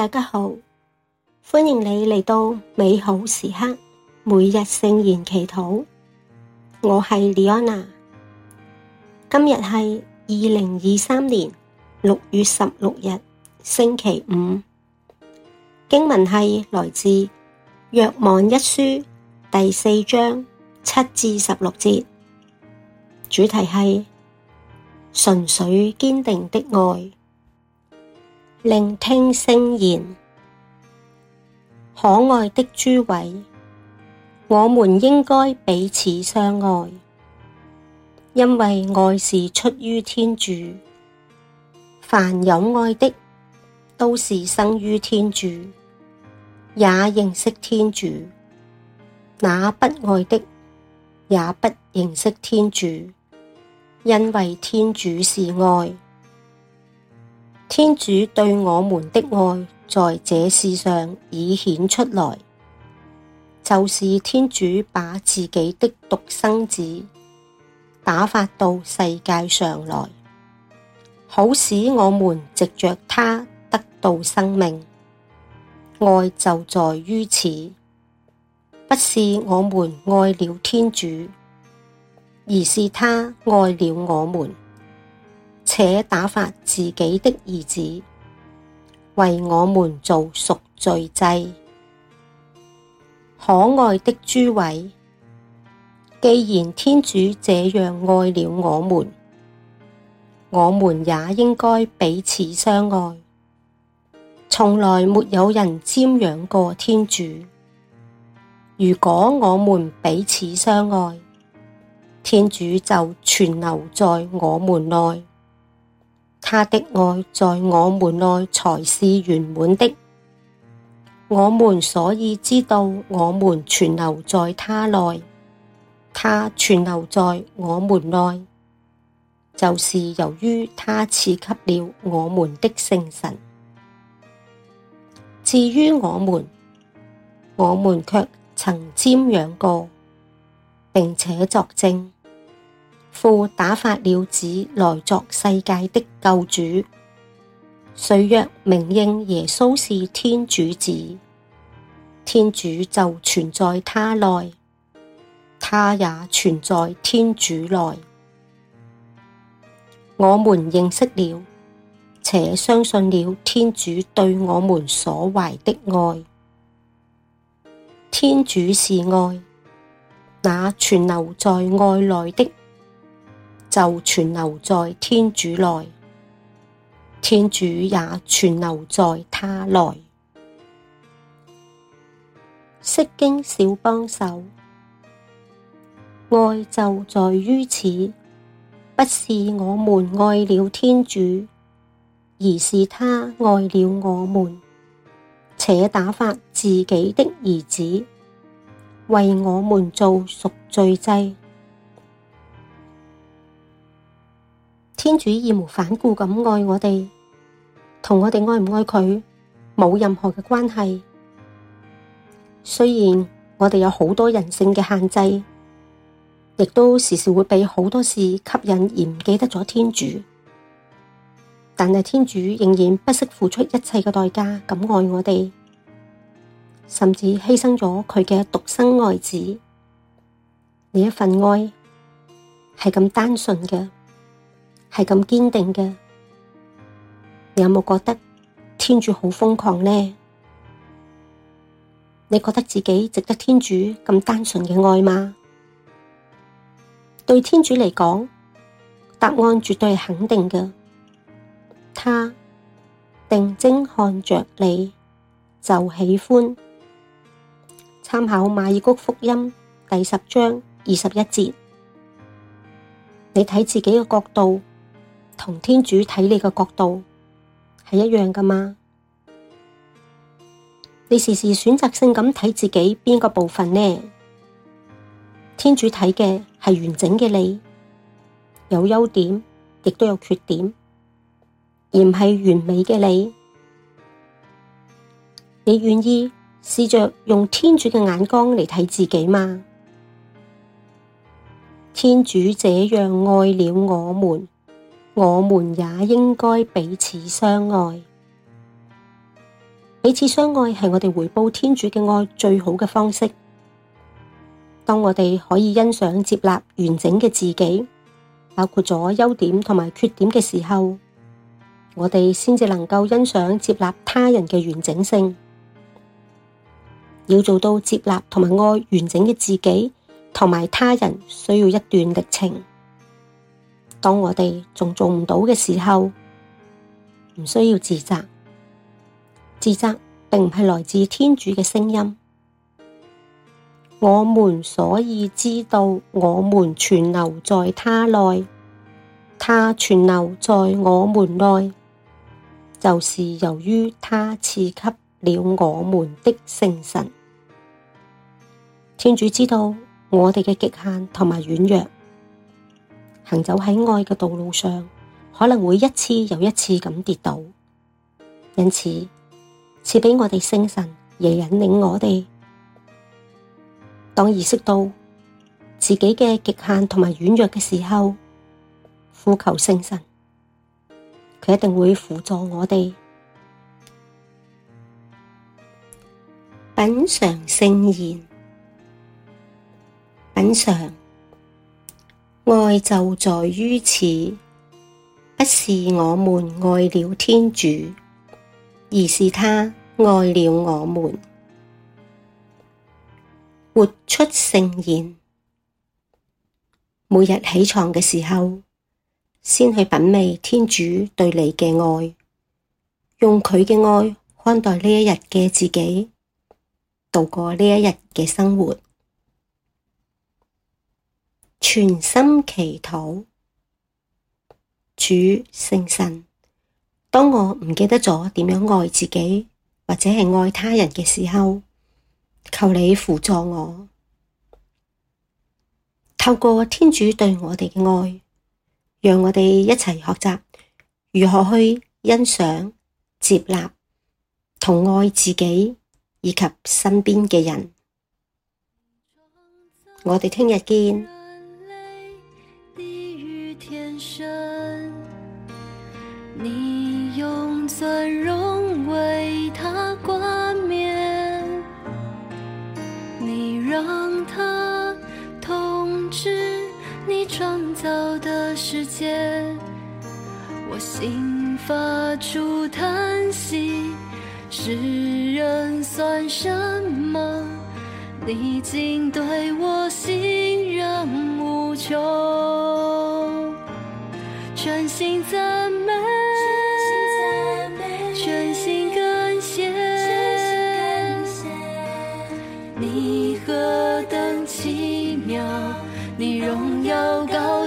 大家好，歡迎你嚟到美好時刻每日聖言祈禱。我係李安娜，今日係二零二三年六月十六日星期五。經文係來自若望一書第四章七至十六節，主題係純粹堅定的愛。聆聽聖言，可愛的諸位，我們應該彼此相愛，因為愛是出於天主。凡有愛的，都是生於天主，也認識天主；那不愛的，也不認識天主，因為天主是愛。天主對我們的愛在這事上已顯出來，就是天主把自己的獨生子打發到世界上來，好使我們藉着他得到生命。愛就在於此，不是我們愛了天主，而是他愛了我們。且打發自己的兒子，為我們做贖罪祭。可愛的諸位，既然天主這樣愛了我們，我們也應該彼此相愛。從來沒有人瞻仰過天主。如果我們彼此相愛，天主就存留在我們內。他的愛在我們內才是圓滿的，我們所以知道我們存留在他內，他存留在我們內，就是由於他賜給了我們的聖神。至於我們，我們卻曾瞻仰過，並且作證。父打發了子來作世界的救主，誰若明認耶穌是天主子，天主就存在他內，他也存在天主內。我們認識了，且相信了天主對我們所懷的愛。天主是愛，那存留在愛內的。就存留在天主內，天主也存留在他內。釋經小幫手，愛就在於此，不是我們愛了天主，而是他愛了我們，且打發自己的兒子，為我們做贖罪祭。天主義無反顧咁愛我哋，同我哋愛唔愛佢，冇任何嘅關係。雖然我哋有好多人性嘅限制，亦都時時會俾好多事吸引而唔記得咗天主，但係天主仍然不惜付出一切嘅代價咁愛我哋，甚至犧牲咗佢嘅獨生愛子。呢一份愛係咁單純嘅。係咁堅定嘅，你有冇覺得天主好瘋狂呢？你覺得自己值得天主咁單純嘅愛嗎？對天主嚟講，答案絕對係肯定嘅。他定睛看着你，就喜歡。參考馬爾谷福音第十章二十一節，你睇自己嘅角度。同天主睇你個角度係一樣㗎嘛？你時時選擇性咁睇自己邊個部分呢？天主睇嘅係完整嘅你，有優點亦都有缺點，而唔係完美嘅你。你願意試着用天主嘅眼光嚟睇自己嗎？天主這樣愛了我們。我們也應該彼此相愛，彼此相愛係我哋回報天主嘅愛最好嘅方式。當我哋可以欣賞接納完整嘅自己，包括咗優點同埋缺點嘅時候，我哋先至能夠欣賞接納他人嘅完整性。要做到接納同埋愛完整嘅自己同埋他人，需要一段歷程。當我哋仲做唔到嘅時候，唔需要自責。自責並唔係來自天主嘅聲音。我們所以知道我們存留在他內，他存留在我們內，就是由於他賜給了我們的聖神。天主知道我哋嘅極限同埋軟弱。行走喺愛嘅道路上，可能會一次又一次咁跌倒，因此賜俾我哋聖神嚟引領我哋。當意識到自己嘅極限同埋軟弱嘅時候，呼求聖神，佢一定會扶助我哋，品嘗聖言，品嘗。愛就在於此，不是我們愛了天主，而是他愛了我們。活出聖言。每日起床嘅時候，先去品味天主對你嘅愛，用佢嘅愛看待呢一日嘅自己，度過呢一日嘅生活。全心祈禱。主聖神，當我唔記得咗點樣愛自己或者係愛他人嘅時候，求你扶助我。透過天主對我哋嘅愛，讓我哋一齊學習如何去欣賞、接納、同愛自己以及身邊嘅人。我哋聽日見。造的世界，我心發出嘆息，世人算什麼？你竟對我信任無窮，全心讚美，全心感謝，你何等奇妙，你榮耀高。